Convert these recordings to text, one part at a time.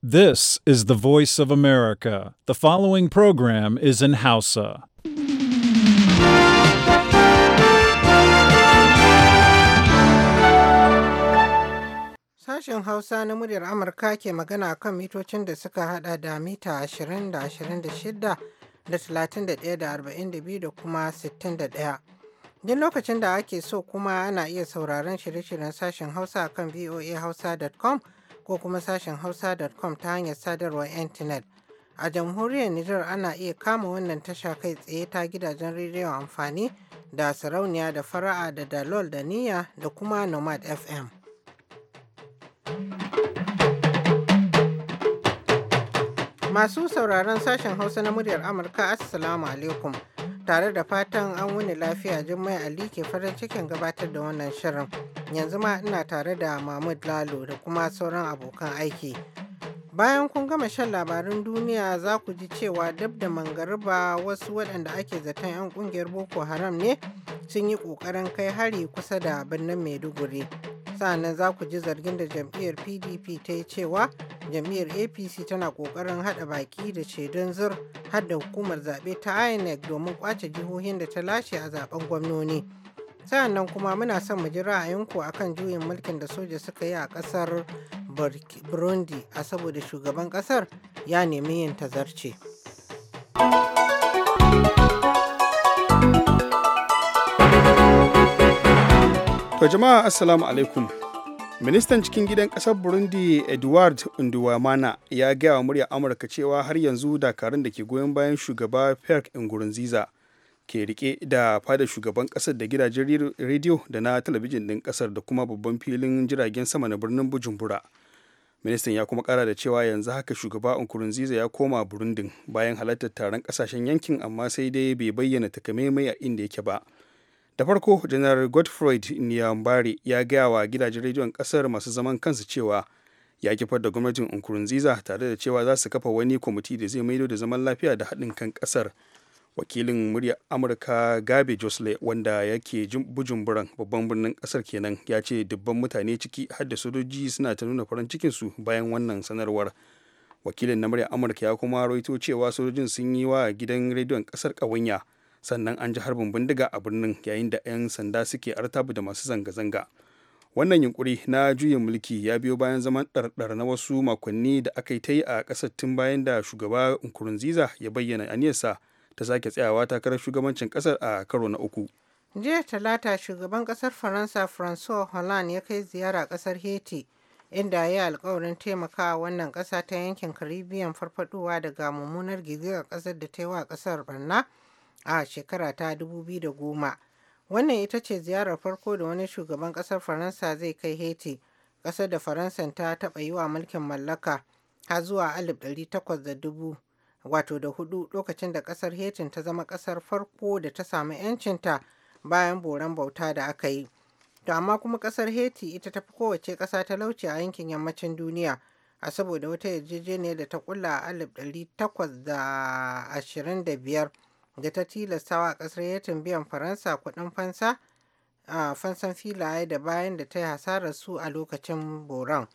This is the voice of America. The following program is in Hausa. Sashen Hausa na muryar Amurka ke magana kan mitocin da suka hada da mita 20 da 26 da 31 da 42 da kuma 61. Duk lokacin da ake so kuma ana iya sauraron shirye-shiryen sashen Hausa kan voahausa.com. ko kuma sashen hausa.com ta hanyar sadarwar intanet. A jamhuriyar Nijar ana iya kama wannan tasha kai tsaye ta gidajen rediyon amfani da sarauniya da fara'a da dalol da niyya da kuma nomad FM. Masu sauraron sashen Hausa na muryar Amurka, Assalamu alaikum. tare da fatan an wuni lafiya Jummai Ali ke farin cikin gabatar da wannan shirin. Yanzu ma ina tare da Mahmud Lalo da kuma sauran abokan aiki. Bayan kun gama shan labarin duniya za ku ji cewa dab da mangariba wasu waɗanda ake zaton 'yan ƙungiyar Boko Haram ne sun yi ƙoƙarin kai hari kusa da birnin Maiduguri. sa'annan za ku ji zargin da jam'iyyar pdp ta yi cewa jam'iyyar apc tana kokarin hada baki da cedon zur har hukumar zaɓe ta inec domin kwace jihohin da ta lashe a zaben gwamnoni sa'annan kuma muna son mu ji ra'ayinku akan juyin mulkin da soja suka yi a ƙasar burundi a saboda shugaban ƙasar ya nemi yin tazarce. To jama'a assalamu alaikum. Ministan cikin gidan ƙasar Burundi Edward Nduwamana ya gaya wa murya Amurka cewa har yanzu dakarun da ke goyon bayan shugaba Pierre Nkurunziza ke rike da fada shugaban ƙasar da gidajen rediyo da na talabijin ɗin ƙasar da kuma babban filin jiragen sama na birnin Bujumbura. Ministan ya kuma kara da cewa yanzu haka shugaba Nkurunziza ya koma Burundin bayan halartar taron ƙasashen yankin amma sai dai bai bayyana takamaimai a inda yake ba. da farko janar godfred niyambari ya gaya wa gidajen rediyon kasar masu zaman kansu cewa ya kifar da gwamnatin nkurunziza tare da cewa za su kafa wani kwamiti da zai maido da zaman lafiya da haɗin kan kasar wakilin murya amurka gabe josle wanda yake bujumburan babban birnin kasar kenan ya ce dubban mutane ciki har da sojoji suna ta nuna farin cikinsu bayan wannan sanarwar wakilin na murya amurka ya kuma rawaito cewa sojojin sun yi wa gidan rediyon kasar ƙawanya sannan an ji harbin bindiga a birnin yayin da 'yan sanda suke artabu da masu zanga-zanga wannan yunkuri na juyin mulki ya biyo bayan zaman ɗarɗar na wasu makonni da aka yi ta yi a ƙasar tun bayan da shugaba nkurunziza ya bayyana aniyarsa ta sake tsayawa takarar shugabancin ƙasar a karo na uku jiya talata shugaban ƙasar faransa francois hollande ya kai ziyara ƙasar haiti inda ya alkawarin taimakawa wannan ƙasa ta yankin caribbean farfaduwa daga mummunar girgizar ƙasar da ta yi wa ƙasar barna a shekara ta 2010. Wannan ita ce ziyarar farko da wani shugaban kasar Faransa zai kai Haiti, ƙasar da Faransan ta taba yi wa mulkin mallaka har zuwa 1800 wato da hudu lokacin da ƙasar Haiti ta zama ƙasar farko da ta samu 'yancinta bayan boran bauta da aka yi. To amma kuma ƙasar Haiti ita ta fi kowace ƙasa talauci a yankin yammacin duniya. a saboda wata yarjejeniyar da ta kula a 1825 da ta tilastawa ƙasar ya biyan faransa kuɗin fansa a fansan filaye da bayan da ta yi hasarar su a lokacin boran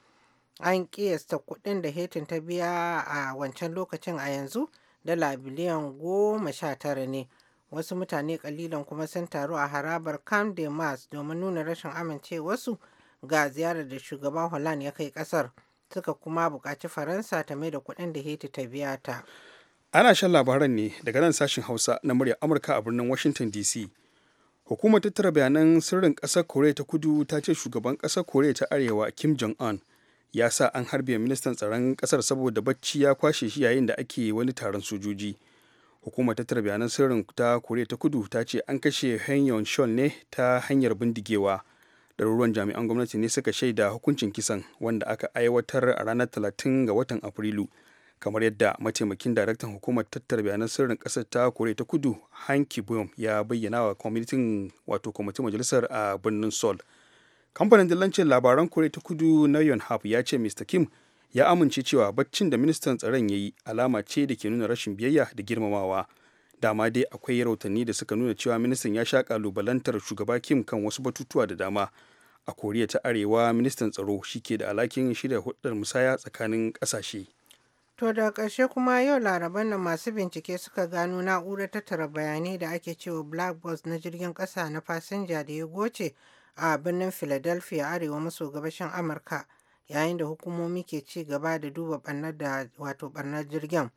an ƙiyasta kuɗin da hetin ta biya a wancan lokacin a yanzu dala biliyan goma sha tara ne wasu mutane kalilan kuma sun taru a harabar camp de mars domin nuna rashin amincewarsu ga ziyarar da shugaban holland ya kai kasar suka kuma buƙaci faransa ta mai da kuɗin da heti ta biya ta ana shan labaran ne daga nan sashen hausa na murya amurka a birnin washington dc hukumar tattara bayanan sirrin kasar korea ta kudu ta ce shugaban ƙasar korea ta arewa kim jong un ya sa an harbe ministan tsaron kasar saboda bacci ya kwashe shi yayin da ake wani taron sojoji hukumar tattara bayanan sirrin ta korea ta kudu ta ce an kashe hanyar shon ne ta hanyar bindigewa ɗaruruwan jami'an gwamnati ne suka shaida hukuncin kisan wanda aka aiwatar a ranar 30 ga watan afrilu kamar yadda mataimakin daraktan hukumar tattara bayanan sirrin kasar ta kore ta kudu hanki boom ya bayyana wa kwamitin wato kwamitin majalisar a birnin sol kamfanin dillancin labaran kore ta kudu na yonhap ya ce mr kim ya amince cewa baccin da ministan tsaron ya yi alama ce da ke nuna rashin biyayya da girmamawa dama dai akwai rautanni da suka nuna cewa ministan ya sha kalubalantar shugaba kim kan wasu batutuwa da dama a koriya ta arewa ministan tsaro shi ke da alakin shirya hudar musaya tsakanin kasashe. To da ƙarshe kuma yau laraban nan masu bincike suka gano na'urar tattara bayanai da ake cewa black box na jirgin ƙasa na fasinja da ya goce a birnin Philadelphia arewa maso gabashin Amurka yayin da hukumomi ke ci gaba da duba barnar da wato barnar jirgin.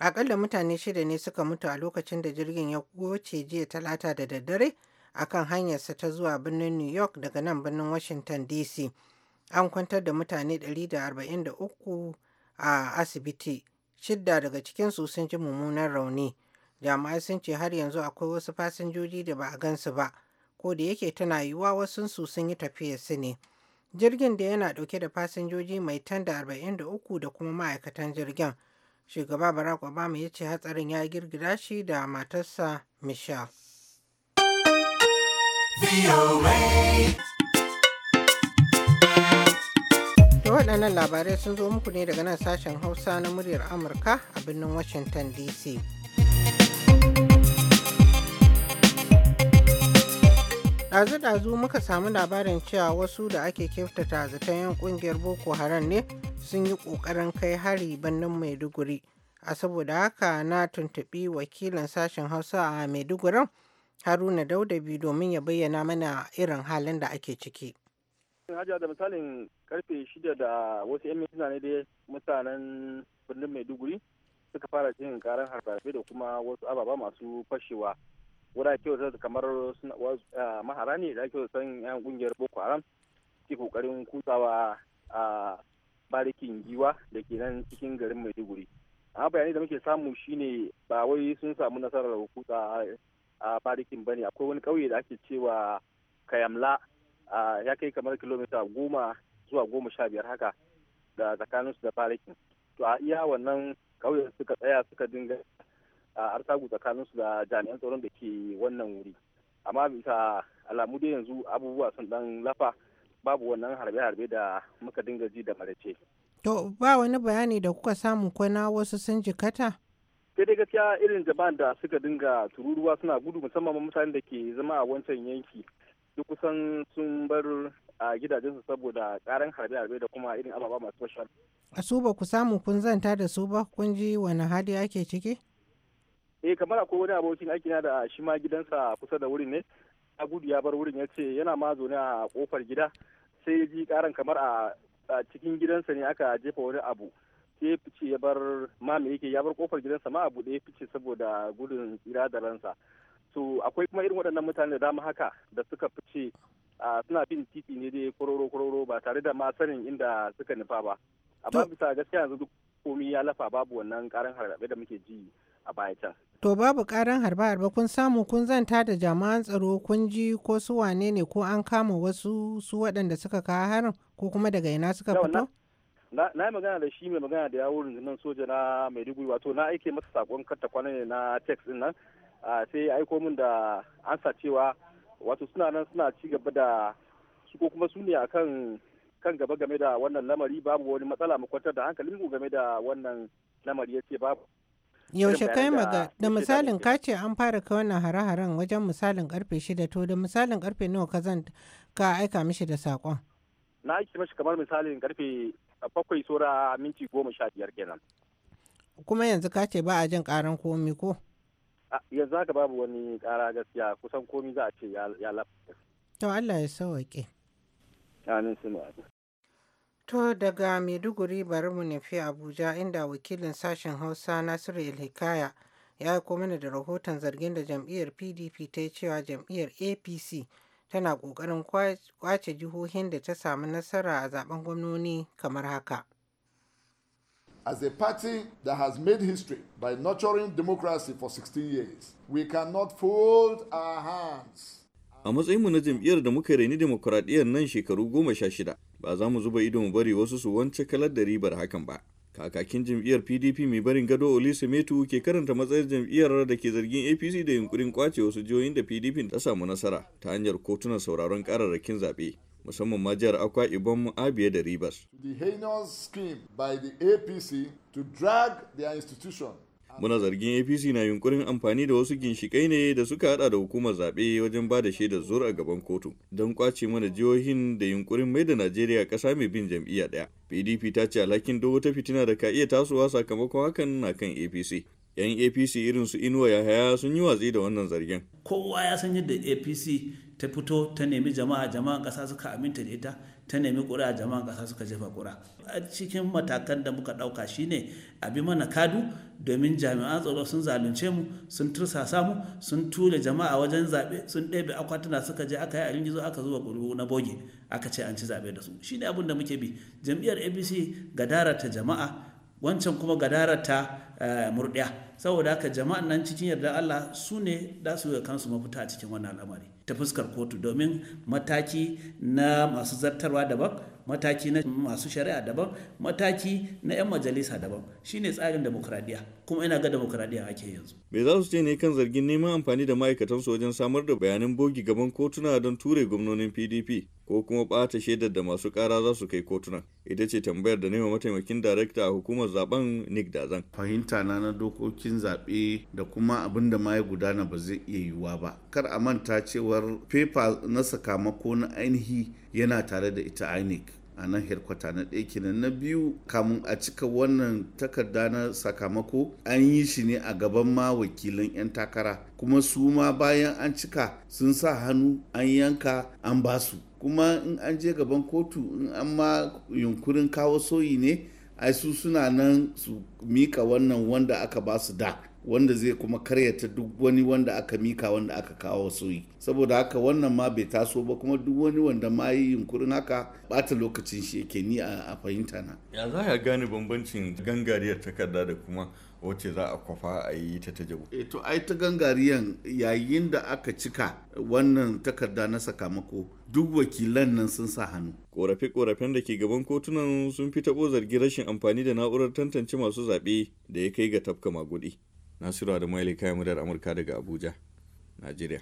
Akalla mutane shida ne suka mutu a lokacin da jirgin ya goce jiya talata da daddare akan hanyarsa ta zuwa birnin New York daga nan birnin Washington DC. An kwantar da mutane 143 a asibiti shidda daga cikinsu sun ji mummunan rauni jami'ai sun ce har yanzu akwai wasu fasinjoji da ba a gansu ba ko da yake tana yiwuwa su sun yi tafiya su ne jirgin da yana dauke da fasinjoji mai tan da arba'in da uku da kuma ma'aikatan jirgin shugaba barack obama ya ce hatsarin ya girgira shi da matarsa michelle To waɗannan labarai sun zo muku ne daga nan sashen Hausa na muryar Amurka a birnin Washington DC. Ɗazu-ɗazu muka samu labarin cewa wasu da ake kyautata zaton 'yan ƙungiyar Boko Haram ne sun yi ƙoƙarin kai hari birnin Maiduguri. A saboda haka na tuntuɓi wakilin sashen Hausa a Maidugurin Haruna Daudabi domin ya bayyana mana irin halin da ake ciki. Hajiya da misalin karfe shida da wasu 'yan mintuna ne dai mutanen birnin Maiduguri suka fara cin karar harbe da kuma wasu ababa masu fashewa. wadda ake wasu kamar mahara ne da ake wasu san yan kungiyar Boko Haram ke kokarin kusawa a barikin giwa da ke nan cikin garin Maiduguri. Amma bayanai da muke samu shine ba wai sun samu nasarar kusa a barikin ne akwai wani kauye da ake cewa Kayamla ya kai kamar kilomita goma zuwa goma sha biyar haka da tsakaninsu da barikin to a iya wannan kauye suka tsaya suka dinga tsakanin su da jami'an tsaron da ke wannan wuri amma bisa alamu dai yanzu abubuwa sun dan lafa babu wannan harbe-harbe da muka dinga ji da marace. To ba wani bayani da kuka samu ko na wasu sun jikata? Sai dai gaskiya irin jaban da suka dinga tururuwa suna gudu musamman mutanen da ke zama a wancan yanki duk kusan sun bar a gidajensu saboda karan harbe-harbe da kuma irin ababa masu fashar. A su ba ku samu kun zanta da su ba kun ji wani hali ake ciki? Eh kamar akwai wani abokin aiki na da shi ma gidansa kusa da wurin ne. Ya gudu ya bar wurin ya ce yana ma zaune a kofar gida sai ya ji karan kamar a cikin gidansa ne aka jefa wani abu. Sai ya fice ya bar ma me yake ya bar kofar gidansa ma abu ya fice saboda gudun tsira da ransa. to akwai kuma irin waɗannan mutane da dama haka da suka fice suna bin titi ne dai kororo kororo ba tare da ma sanin inda suka nufa ba amma bisa gaskiya yanzu duk komi ya lafa babu wannan karan harbe da muke ji a baya can to babu karan harbe harbe kun samu kun zanta da jami'an tsaro kun ji ko su wane ne ko an kama wasu su waɗanda suka kawo harin ko kuma daga ina suka fito na yi magana da shi mai magana da yawon rundunar soja na maiduguri wato na aike masa sakon karta kwanan na text din nan Ah, sai ya aiko min da ansa cewa wato suna nan suna ci gaba da su ko kuma su ne kan kan gaba game da wannan lamari babu wani matsala mu kwantar da hankalin mu game da wannan lamari yace babu yaushe kai maga da misalin ka ce an fara kai wannan hare-haren wajen misalin karfe shida to da misalin karfe nawa ka zan ka aika mishi da sakon na aiki mashi kamar misalin karfe bakwai saura minti goma sha biyar kenan kuma yanzu ka ce ba a jin karan komi ko yanzu haka babu wani ƙara gaskiya kusan komi za a ce ya lafa to Allah ya sauwaƙe Kanin su To daga Maiduguri bari mu nufi Abuja inda wakilin sashen Hausa Nasiru Ilhikaya ya yi mana da rahoton zargin da jam'iyyar PDP ta cewa jam'iyyar APC tana ƙoƙarin kwace jihohin da ta samu nasara a zaben gwamnoni kamar haka. As a party that has made history by nurturing democracy for 16 years, we cannot fold our hands. A matsayinmu na jam'iyyar da muka raini demokuraɗiyyar nan shekaru goma sha shida, ba za mu zuba ido mu bari wasu su wance kalar da ribar hakan ba. Kakakin jam'iyyar PDP mai barin gado Olise Metu ke karanta matsayin jam'iyyar da ke zargin APC da yunkurin kwace wasu jihohin da PDP ta samu nasara ta hanyar kotunan sauraron kararrakin zaɓe. musamman ma jihar Akwa ibon Abia da Rivers. The heinous scheme by the APC to drag their institution muna zargin apc na yunkurin amfani da wasu ginshikai ne da suka hada da hukumar zaɓe wajen ba da shaidar zuwa a gaban kotu don kwace mana jihohin da yunkurin mai da najeriya ƙasa mai bin jam'iyya ɗaya pdp ta ce alhakin dogo ta fitina da ka iya tasowa sakamakon hakan na kan apc yan apc irin su inuwa yahaya sun yi watsi da wannan zargin kowa ya san yadda apc ta fito ta nemi jama'a jama'an ƙasa suka aminta da ita ta nemi ƙura jama'an ƙasa suka jefa ƙura a cikin matakan da muka ɗauka shine a bi mana kadu domin jami'an tsaro sun zalunce mu sun tursasa mu sun tura jama'a wajen zaɓe sun ɗebe akwatuna suka je aka yi a ringizo aka zuba ƙuri'u na boge aka ce an ci zaɓe da su shine abin da muke bi jam'iyyar abc gadara ta jama'a wancan kuma gadara ta eh, murɗiya saboda haka jama'an nan cikin yarda allah su ne da su kansu mafita a cikin wannan al'amari ta fuskar kotu domin mataki na masu zartarwa daban mataki na masu shari'a daban mataki na 'yan majalisa daban shine tsarin demokradiya kuma ina ga demokradiya ake yanzu me za su ce ne kan zargin neman amfani da ma'aikatansu wajen samar da bayanan bogi gaban kotuna don ture gwamnonin pdp ko kuma ɓata shaidar da masu ƙara za su kai kotunan ita ce tambayar da nema mataimakin darakta a hukumar zaben nick dazan fahimta na na dokokin zaɓe da kuma abin da ma ya gudana ba zai iya yiwuwa ba kar a manta cewar fefa na sakamako na ainihi yana tare da ita inec a nan herkwata na ɗaya kenan na biyu kamun a cika wannan takarda na sakamako an yi shi ne a gaban ma wakilan 'yan takara kuma su ma bayan an cika sun sa hannu an yanka an basu kuma in an je gaban kotu in an ma yunkurin kawo soyi ne ai su suna nan su mika wannan wanda aka ba su da wanda zai kuma karyata duk wani wanda aka mika wanda aka kawo soyi saboda haka wannan ma bai taso ba kuma duk wani wanda ma yi yunkurin haka bata lokacin shi yake ni a fahimta na ya za ya gane bambancin gangariyar takarda da kuma wacce za a kwafa a yi ta ta jabu. Eh to ai ta gangariyan yayin da aka cika wannan takarda na sakamako duk wakilan nan sun sa hannu. Korafe-korafen da ke gaban kotunan sun fi taɓo zargin rashin amfani da na'urar tantance masu zaɓe da ya kai ga tafka magudi. Nasiru Adamu Maili kayan murar Amurka daga Abuja, Najeriya.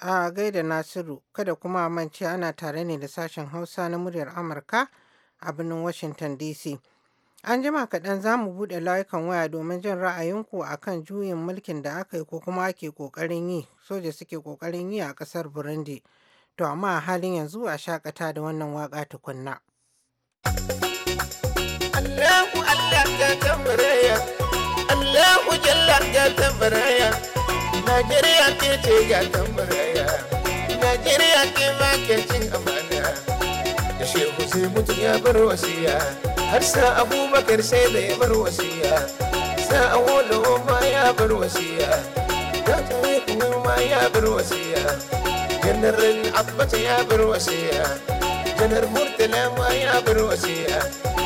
A gaida Nasiru, kada kuma mance ana tare ne da sashen Hausa na muryar Amurka a birnin Washington DC. An jima kaɗan za mu buɗe layukan waya domin jin ra'ayinku a kan juyin mulkin da aka yi ko kuma ake ƙoƙarin yi, soja suke ƙoƙarin yi a ƙasar Burundi. To amma a halin yanzu a shakata da wannan waƙa tukunna. Allahu Allah ka tambaraya, Allahu Jallar ka tambaraya, Najeriya ke ce ga tambaraya, Najeriya ke ke cin amana, da shehu sai mutum ya bar wasiya. har sa abubakar sai da ya bar wasiya sa awolo ma ya bar wasiya ya tare kuma ma ya bar wasiya janaral abbata ya bar wasiya janar murtala ma ya bar wasiya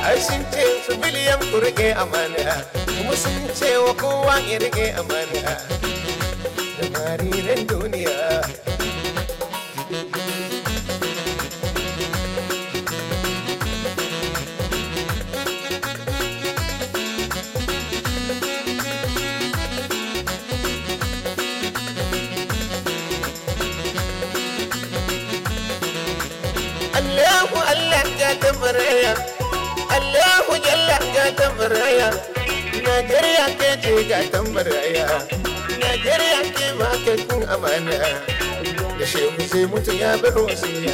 ai sun ce su biliyan ku rike amana kuma sun ce wa kowa ya rike amana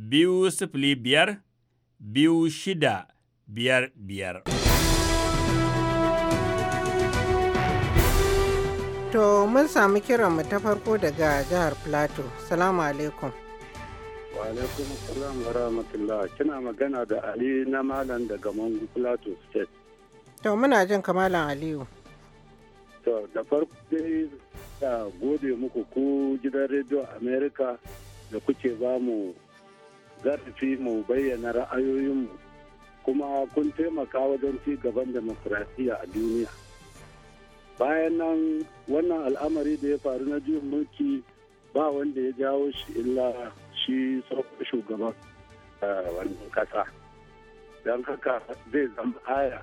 biyu sifili biyar biyu shida biyar biyar. To mun sami kiranmu ta farko daga jihar Plateau. Salamu alaikum. Wa alaikum salam wa rahmatullah. Kina magana da Ali na Malam daga Mangu Plateau State. To muna jin kamalan Aliyu. To da farko dai gode muku ku gidan Radio America da kuke ba mu zarafi mu bayyana ra'ayoyinmu kuma kun taimaka wajen ci gaban demokuraɗiyya a duniya bayan nan wannan al'amari da ya faru na juyin mulki ba wanda ya jawo shi illa shi tsohon shugaban eh, wannan kasa don haka zai zama aya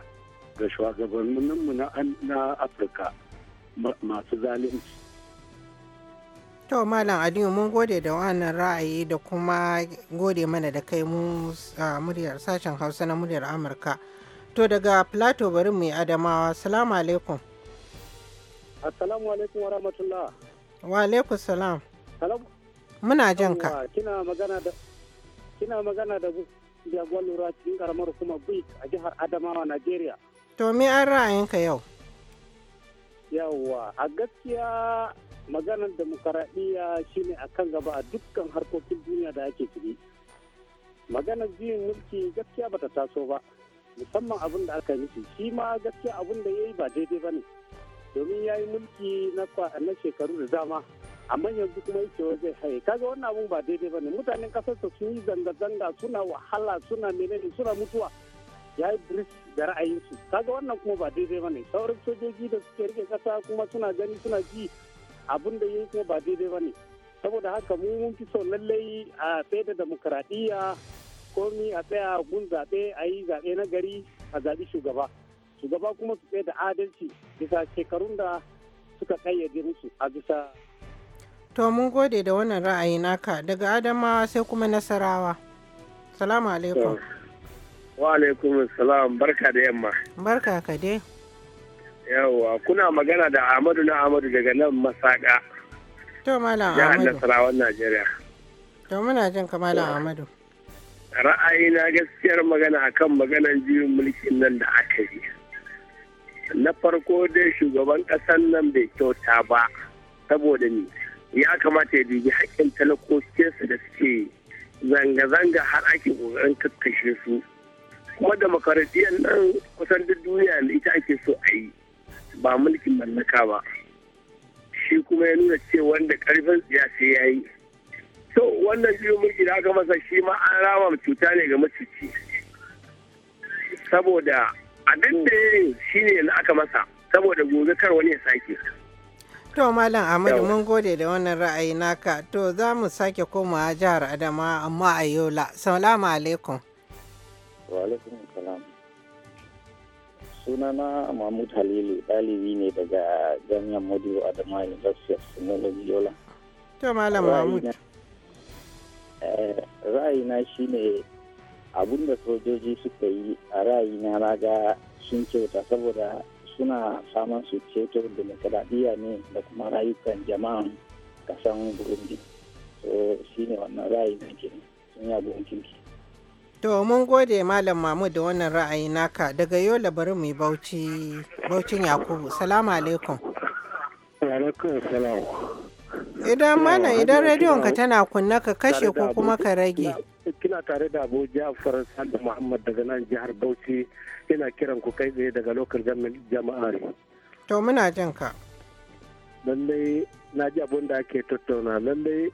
ga shugabanninmu na afirka masu zalunci To Malam Aliyu mun gode da wannan ra'ayi da kuma gode mana da kai mu a muryar sashen Hausa na muryar Amurka. To daga Plato bari mu yi Adamawa. Salamu alaikum. Assalamu alaikum wa rahmatullah. Wa alaikum salam. Muna jan ka. Kina magana da kina magana da Jagwal Lura cikin karamar kuma Buik a jihar Adamawa, Najeriya. To me an ra'ayinka yau? Yawwa, a gaskiya maganar demokaradiyya shine a kan gaba a dukkan harkokin duniya da ake ciki maganar juyin mulki gaskiya bata taso ba musamman abin da aka nufi shi ma gaskiya abin da ya yi ba daidai ba ne domin ya yi mulki na shekaru da dama amma yanzu kuma yake waje haye kaga wannan abun ba daidai ba ne mutanen kasar su yi zanga-zanga suna wahala suna menene suna mutuwa ya yi bris da ra'ayinsu kaga wannan kuma ba daidai ba ne sauran sojoji da suke rike kasa kuma suna gani suna ji abin da yake ba daidai ba ne saboda haka mu mun fi so lallai a tsaye da ko komi a tsaya gun zaɓe a yi zaɓe na gari a zaɓi shugaba shugaba kuma su tsaye da adalci bisa shekarun da suka kayyade musu a bisa to mun gode da wannan ra'ayi naka daga adamawa sai kuma nasarawa salamu alaikum wa alaikum salam barka da yamma barka ka dai Yawwa kuna magana da Ahmadu na Ahmadu daga nan Masaka. To Malam Ahmadu. Ya Najeriya. To muna jin ka Malam Ahmadu. na gaskiyar magana akan maganar juyin mulkin nan da aka yi. Na farko dai shugaban ƙasar nan bai kyauta ba saboda ni ya kamata ya dubi haƙƙin talakokinsu da suke zanga-zanga har ake ƙoƙarin kakkashe su. kuma da makarantiyar nan kusan duk duniya da ita ake so a yi ba mulkin mallaka ba shi kuma ya nuna ce wanda karfin tsiya sai ya yi to wannan biyu mulki da aka masa shi ma an rama cuta ne ga macuci saboda abin da ya shi ne yanzu aka masa saboda gobe kar wani ya sake to malam amadu mun gode da wannan ra'ayi naka to za mu sake koma jihar adama amma a yola salamu alaikum wa alaikum salam sunana mahmud halilu ɗalibi ne daga jami'an modibo adama university of technology yola to malam mahmud eh, ra'ayina shine abun da sojoji suka yi a ra'ayina na ga sun kyauta saboda suna samun su ceto demokradiyya ne da kuma rayukan jama'an kasan burundi so shi ne wannan ra'ayina ke sun yi abun kinki To mun gode Malam Mahmud da wannan ra'ayi naka daga Yola bari mu Bauchi Baucin Yakubu. Salamu alaikum. Idan mana idan rediyon ka tana kunna ka kashe ko kuma ka rage. Kina tare da Abu Ja'far Sadu Muhammad daga nan jihar Bauchi ina kiran ku kai tsaye daga lokal ne. To muna jin ka. Lallai na ji abin da ake tattauna lallai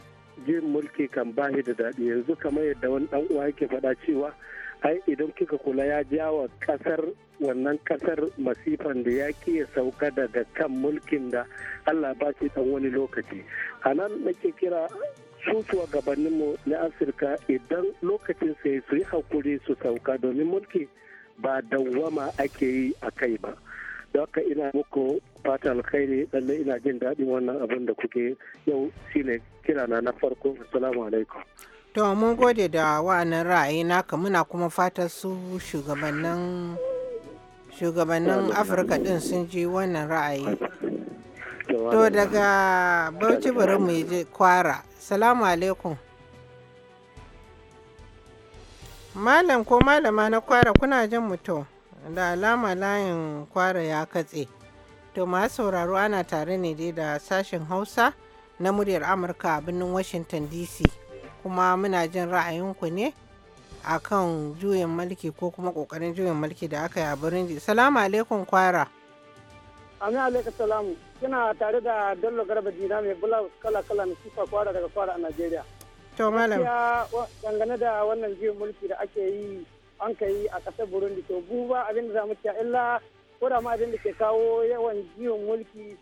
jin mulki kan bashi da daɗi yanzu kamar yadda wani ɗan uwa yake faɗa cewa ai idan kika kula ya ja wa ƙasar wannan ƙasar masifan da ya ke sauka daga kan mulkin da allah ba shi ɗan wani lokaci a nan nake kira su gabaninmu na afirka idan lokacin sai su yi hakuri su sauka domin mulki ba dawwama ake yi a kai ba da haka ina muku fata alkhairi lallai ina jin daɗin wannan abin da kuke yau shine kirana na farko assalamu alaikum to mun gode da wa'annan ra'ayi naka muna kuma fatan su shugabannin shugabannin afirka din sun ji wannan ra'ayi to daga bauchi bari mu je kwara salamu alaikum malam ko malama na kwara kuna jin mutum da alama layin kwara ya katse. To masu sauraro ana tare ne dai da sashen Hausa na muryar Amurka a birnin Washington DC. Kuma muna jin ra'ayinku ne a kan juyin mulki ko kuma kokarin juyin mulki da aka yi a Burundi. Salamu alaikum kwara. Amin alaikum salamu. Kina tare da Bello Garba Dina mai bula kala kala na sifa kwara daga kwara a Najeriya. To malam. Dangane da wannan juyin mulki da ake yi an ka a kasar burundi to buba abin da za mu cewa illa ko da ma abin da ke kawo yawan jiwon mulki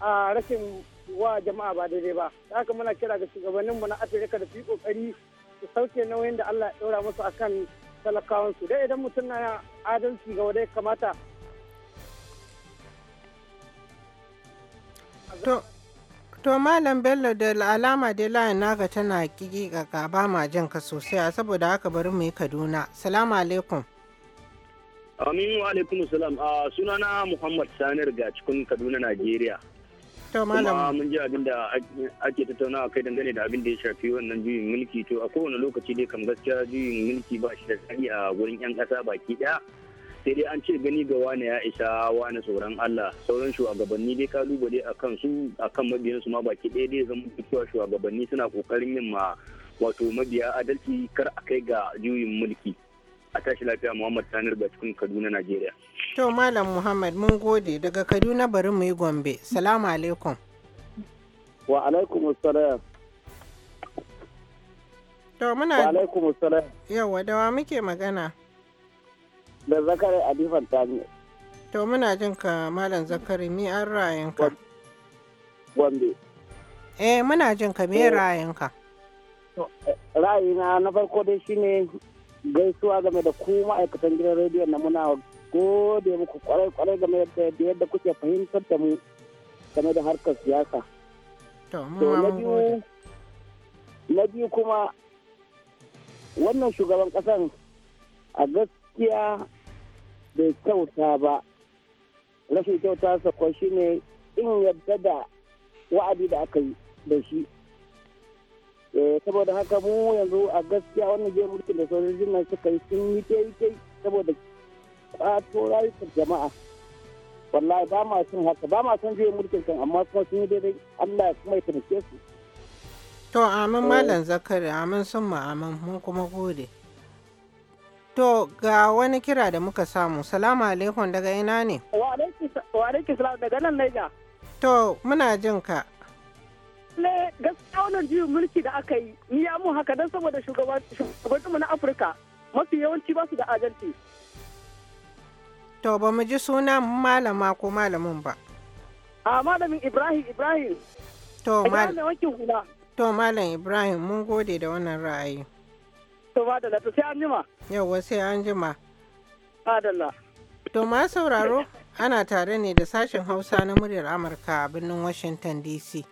a rashin wa jama'a ba daidai ba haka muna kira ga shugabanninmu na afirka da su yi kokari su sauke nauyin da allah ya ɗora musu akan talakawansu dai idan mutum na adalci ga wadai kamata To Malam Bello da alama dai layin naga tana kaka ba ma jin ka sosai saboda haka bari mu yi Kaduna. Salamu alaikum. Amin wa alaikum salam. A sunana Muhammad Sanir ga cikin Kaduna, Najeriya. To malam. Kuma mun ji abin da ake tattaunawa kai dangane da abin da ya shafi wannan juyin mulki to a kowane lokaci dai kan gaskiya juyin mulki ba shi da tsari a wurin yan kasa baki daya. sai dai an ce gani ga wane ya isa wane sauran Allah sauran shugabanni dai kalubale a kan su akan mabiyan su ma baki ɗaya dai zama cewa shugabanni suna kokarin yin ma wato mabiya adalci kar a kai ga juyin mulki a tashi lafiya Muhammad Sanir cikin Kaduna Najeriya. To Malam Muhammad mun gode daga Kaduna bari mu yi Gombe. Salamu alaikum. Wa alaikum assalam. To muna Wa alaikum assalam. Yawwa dawa muke magana. da zakari a difar tani. To muna jin ka Malam Zakari mi an ka. Gombe. Eh muna jin ka eh. rayun ka. Ra'ayina na farko dai shine gaisuwa game da ku ma'aikatan gidan rediyon na muna gode muku kwarai kwarai game da yadda kuke fahimtar da mu game da harkar siyasa. To na biyu na biyu kuma wannan shugaban kasan a gaskiya gaskiya bai kyauta ba rashin kyauta sa kwashi ne in yadda da wa'adi da aka yi da shi eh, saboda haka mu yanzu a gaskiya wannan je mulkin da sojojin nan suka yi sun yi kai saboda kwato rayukan jama'a wallahi ba ma sun haka ba ma son je mulkin kan amma kuma sun yi daidai Allah ya kuma ya taimake su to amin malam eh. zakari amin sun ma amin mun kuma gode To ga wani kira da muka samu, salamu alaikum daga ina ne? Wa alaikum salam daga nan Naija. To muna jin ka. Ne gaskiya wannan juyin mulki da aka yi, ni ya mun haka don saboda shugabanninmu na Afirka mafi yawanci ba su da adalci. To ba mu ji sunan malama ko malamin ba. A malamin Ibrahim Ibrahim. To malam Ibrahim mun gode da wannan ra'ayi. To sai an jima. Yawwa sai an jima. To ma sauraro ana tare ne da sashen Hausa na muryar Amurka a birnin Washington DC.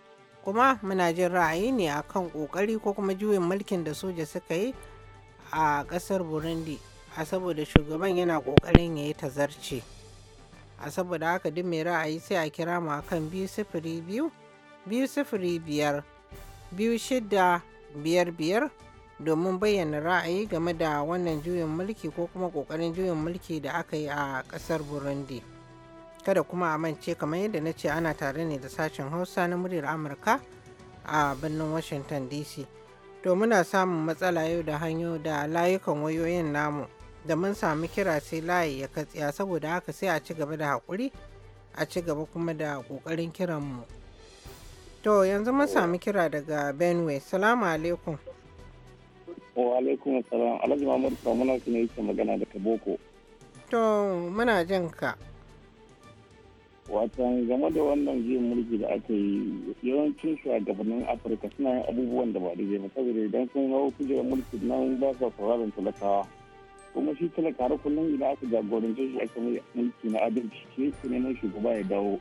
Kuma muna jin ra'ayi ne akan kokari ko kuma juyin mulkin da soja suka yi a kasar Burundi a saboda shugaban yana kokarin ya yi tazarce. A saboda haka duk mai ra'ayi sai a kira mu akan biyu sifiri biyu sifiri biyar biyu shida biyar biyar domin bayyana ra'ayi game da wannan juyin mulki ko kuma kokarin juyin mulki da aka yi a kasar burundi kada kuma a mance kamar yadda na ce ana tare ne da sashen hausa na muryar amurka a birnin washington dc to muna samun matsala yau da hanyo da layukan wayoyin namu da mun sami kira sai layi ya katsiya saboda haka sai a ci gaba da haƙuri a ci gaba kuma da ƙoƙarin kiranmu to yanzu mun sami kira daga benue salamu alaikum wa alaikum assalam alhaji mahmud samuna ne yake magana daga boko to muna jin ka watan game da wannan juyin mulki da aka yi yawancin shugabannin afirka suna yin abubuwan da ba daidai ba saboda idan sun hau kujerar mulki nan ba sa sauraron talakawa kuma shi talaka har kullum idan aka jagorance shi aka mulki na adalci shi yake neman shugaba ya dawo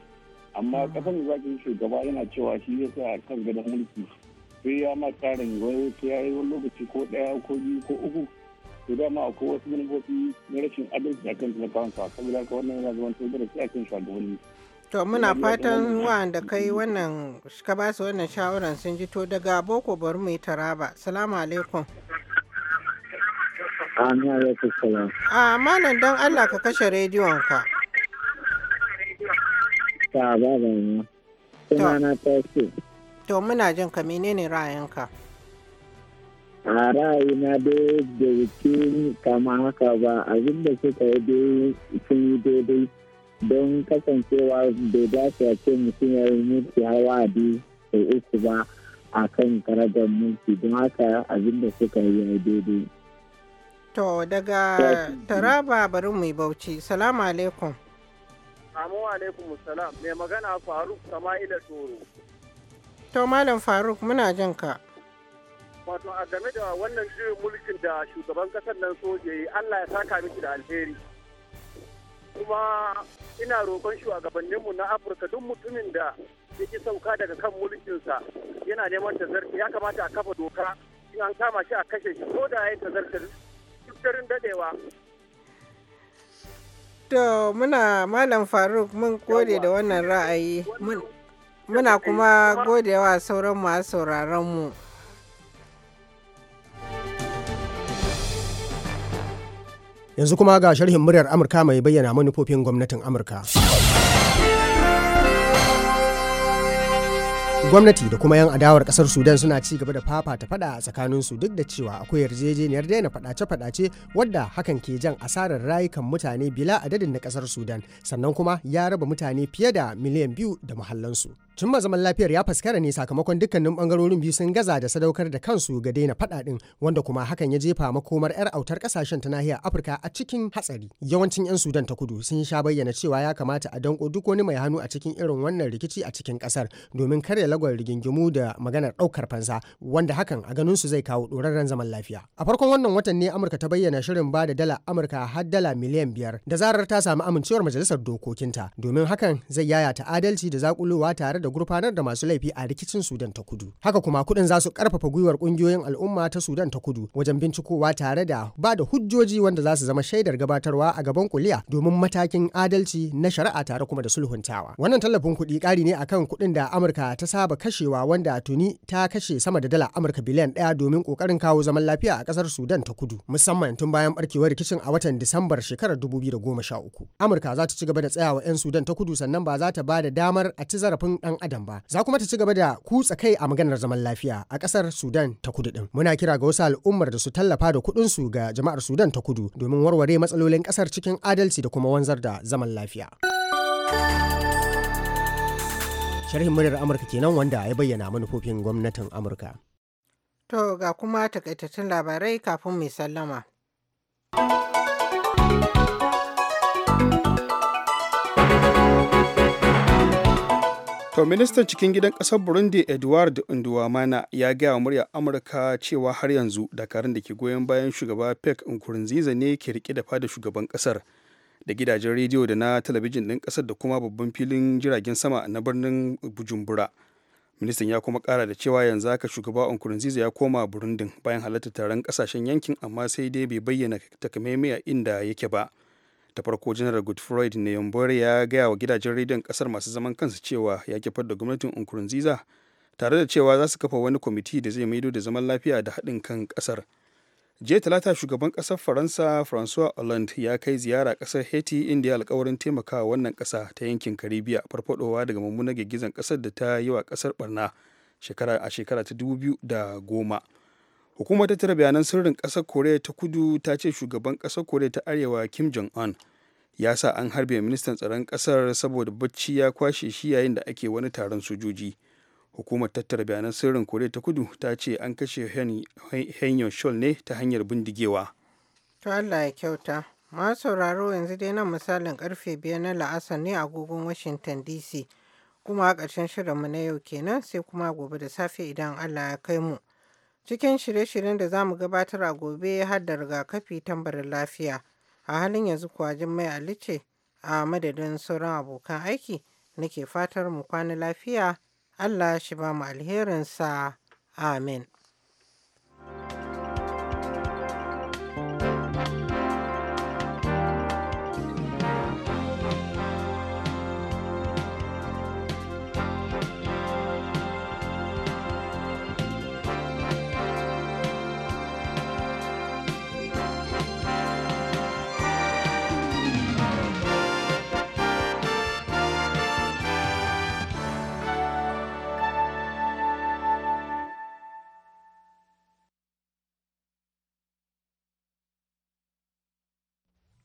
amma kasan mm. da zaki shugaba yana cewa shi ya sa a kan gadon mulki sai ya ma tarin wani ya yi wani lokaci ko ɗaya ko biyu ko uku to dama akwai wasu manufofi na rashin adalci a kan talakawansa saboda haka wannan yana zaman tabbata sai a kan shugabanni. to muna fatan wa'anda kai wannan ka ba su wannan shawaran sun ji to daga boko bari mu yi taraba salamu alaikum. A manan don Allah ka kashe rediyon ka. Ta ba ba ne. Sunana ta ce. To muna jin ka menene ra'ayinka? A ra'ayina dai da wuce kama haka ba abin da suka yi dai sun yi daidai don kasancewa bai dace a ce mutum ya yi mutu hawa biyu da uku ba a kan karagar mulki don haka abin da suka yi ya daidai. To daga Taraba bari mu yi bauchi. Salamu alaikum. Amu alaikum salam. Mai magana Faruk Sama'ila Toro. To Malam Faruk muna jin ka. Wato a game da wannan juyin mulkin da shugaban kasar nan soja yi Allah ya saka miki da alheri. Kuma ina roƙon shugabanninmu na Afirka duk mutumin da yake sauka daga kan mulkinsa yana neman tazarci ya kamata a kafa doka in an kama shi a kashe shi ko da ya yi tazarci duk darin dadewa To muna Malam Faruk mun kore da wannan ra'ayi. Muna kuma godewa sauran masu sauraron mu. Yanzu kuma ga sharhin muryar Amurka mai bayyana manufofin gwamnatin Amurka. gwamnati da kuma 'yan adawar kasar sudan suna ci gaba da fafata fada a tsakaninsu duk da cewa akwai yarjejeniyar daina fadace-fadace wadda hakan ke jan asarar rayukan mutane bila adadin na kasar sudan sannan kuma ya raba mutane fiye da miliyan biyu da muhallansu. tun zaman lafiyar ya faskara ne sakamakon dukkanin bangarorin biyu sun gaza da sadaukar da kansu ga daina fadaɗin wanda kuma hakan ya jefa makomar 'yar autar kasashen ta nahiyar afirka a cikin hatsari yawancin 'yan sudan ta kudu sun sha bayyana cewa ya kamata a danko duk wani mai hannu a cikin irin wannan rikici a cikin ƙasar domin karya lagwar rigingimu da maganar ɗaukar fansa wanda hakan a ganin su zai kawo ɗorarren zaman lafiya a farkon wannan watan ne amurka ta bayyana shirin ba da dala amurka har dala miliyan biyar da zarar ta samu amincewar majalisar dokokinta domin hakan zai yayata adalci da zakulowa tare da gurfanar da masu laifi a rikicin Sudan ta Kudu. Haka kuma kuɗin za su karfafa gwiwar ƙungiyoyin al'umma ta Sudan ta Kudu wajen bincikowa tare da ba da hujjoji wanda za su zama shaidar gabatarwa a gaban kuliya domin matakin adalci na shari'a tare kuma da sulhuntawa. Wannan tallafin kuɗi ƙari ne akan kuɗin da Amurka ta saba kashewa wanda tuni ta kashe sama da dala Amurka biliyan ɗaya domin ƙoƙarin kawo zaman lafiya a ƙasar Sudan ta Kudu musamman tun bayan barkewar rikicin a watan Disambar shekarar 2013. Amurka za ta ci gaba da tsayawa 'yan Sudan ta Kudu sannan ba za ta ba da damar a ci zarafin ɗan adam ba za kuma ta ci gaba da kutsa kai a maganar zaman lafiya a kasar sudan ta kudu din muna kira ga wasu al'ummar da su tallafa da kuɗin su ga jama'ar sudan ta kudu domin warware matsalolin ƙasar cikin adalci da kuma wanzar da zaman lafiya. sharhin muryar amurka kenan wanda ya bayyana manufofin gwamnatin amurka to ga kuma takaitattun labarai kafin mai sallama To cikin gidan ƙasar Burundi Edward Nduwamana ya gaya wa muryar Amurka cewa har yanzu dakarun da ke goyon bayan shugaba Pek Nkurunziza ne ke rike da fada shugaban ƙasar da gidajen rediyo da na talabijin ɗin ƙasar da kuma babban filin jiragen sama na birnin Bujumbura. Ministan ya kuma kara da cewa yanzu haka shugaba Nkurunziza ya koma Burundin bayan halartar taron ƙasashen yankin amma sai dai bai bayyana takamaimai a inda yake ba. ta farko janar ne neyombore ya gaya wa gidajen rediyon kasar masu zaman kansu cewa ya kifar da gwamnatin nkurunziza tare da cewa za su kafa wani kwamiti da zai maido da zaman lafiya da haɗin kan kasar jiya talata shugaban kasar faransa francois hollande ya kai ziyara kasar haiti inda ya alkawarin taimakawa wannan kasa ta yankin karibiya farfadowa daga mummunar girgizan kasar da ta yi wa kasar barna a shekara ta 2010 hukumar tattara bayanan sirrin ƙasar koriya ta kudu ta ce shugaban ƙasar korea ta arewa kim jong un ya sa an harbe ministan tsaron kasar saboda bacci ya kwashe shi yayin da ake wani taron sojoji hukumar tattara bayanan sirrin koreya ta kudu ta ce an kashe hanyar shol ne ta hanyar bindigewa to allah ya kyauta ma sauraro yanzu dai nan misalin karfe biyar na la'asar ne agogon washington dc kuma a ƙarshen shirinmu na yau kenan sai kuma gobe da safe idan allah ya kai mu Cikin shirye-shiryen da za mu gabatar a gobe har da rigakafi tambarin lafiya. A halin yanzu kuwa Jummai Ali ce a madadin sauran abokan aiki nake fatar mu kwana lafiya. Allah shi ba mu alherinsa. Amin.